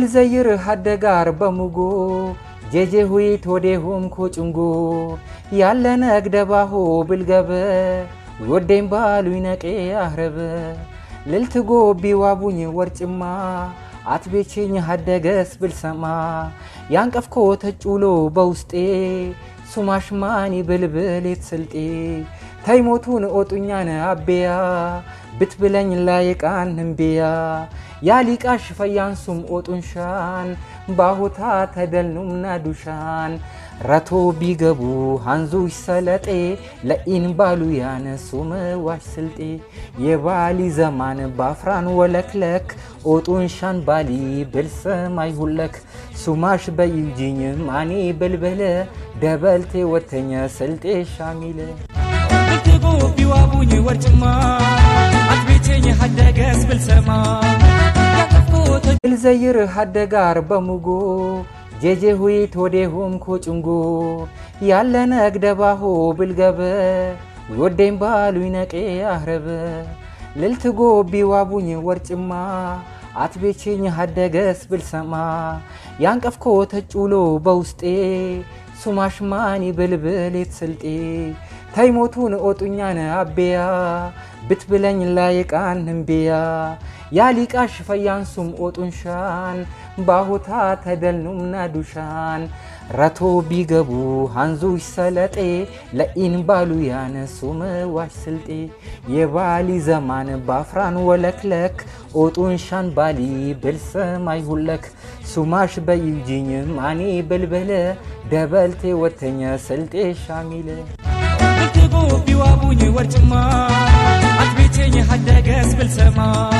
ልዘይርህ አደጋር በሙጎ ጄጄ ሁይት ወዴሆም ኮጭንጎ ያለ ነግደባሆ ብልገበ ወዴም ባሉይ ነቄ አህረበ ልልትጎ ቢዋቡኝ ወርጭማ አትቤችኝ ሀደገስ ብልሰማ ያንቀፍኮ ተጭ በውስጤ ሱማሽማኒ ብልብል የትስልጤ ተይሞቱን ኦጡኛን አቤያ ብትብለኝ ላየቃን እምቤያ ያሊቃሽ ፈያንሱም ኦጡንሻን ባሁታ ተደልኑምና ዱሻን ረቶ ቢገቡ ሃንዙ ይሰለጤ ለኢን ባሉ ያነሱም ዋሽ ስልጤ የባሊ ዘማን ባፍራን ወለክለክ ኦጡን ሻንባሊ በልሰማይ ሁለክ ሱማሽ በዩጂኝ ማኔ በልበለ ደበልቴ ወተኛ ሰልጤ ሻሚለ ብትጎ ቢዋቡኝ ወርጭማ አትቤቼኝ ሀደገስ ብልሰማ ልዘይር ሀደጋር በሙጎ ጄጄ ሁይ ቶዴሆም ኮጭንጎ ያለነ ግደባሆ ብልገበ ባሉ ይነቄ አህረበ ልልትጎ ቢዋቡኝ ዋቡኝ ወርጭማ አትቤቼኝ ሀደገስ ብልሰማ ያንቀፍኮ ተጩሎ በውስጤ ሱማሽማኒ ብልብሌት ስልጤ ተይሞቱን ኦጡኛን አቤያ ብትብለኝ ላይቃን ንምቤያ ያሊቃሽ ፈያንሱም ኦጡንሻን ባሁታ ተደልኑምና ዱሻን ረቶ ቢገቡ ሃንዙሽ ሰለጤ ለኢን ባሉ ያነሱ መዋሽ ስልጤ የባሊ ዘማን ባፍራን ወለክለክ ኦጡንሻን ባሊ ብልሰማይ ሁለክ ሱማሽ በዩጂኝ ማኔ በልበለ ደበልቴ ወተኛ ስልጤ ሻሚለ ቢዋቡኝ ወርጭማ አትቤቼኝ ሀደገስ ብልሰማ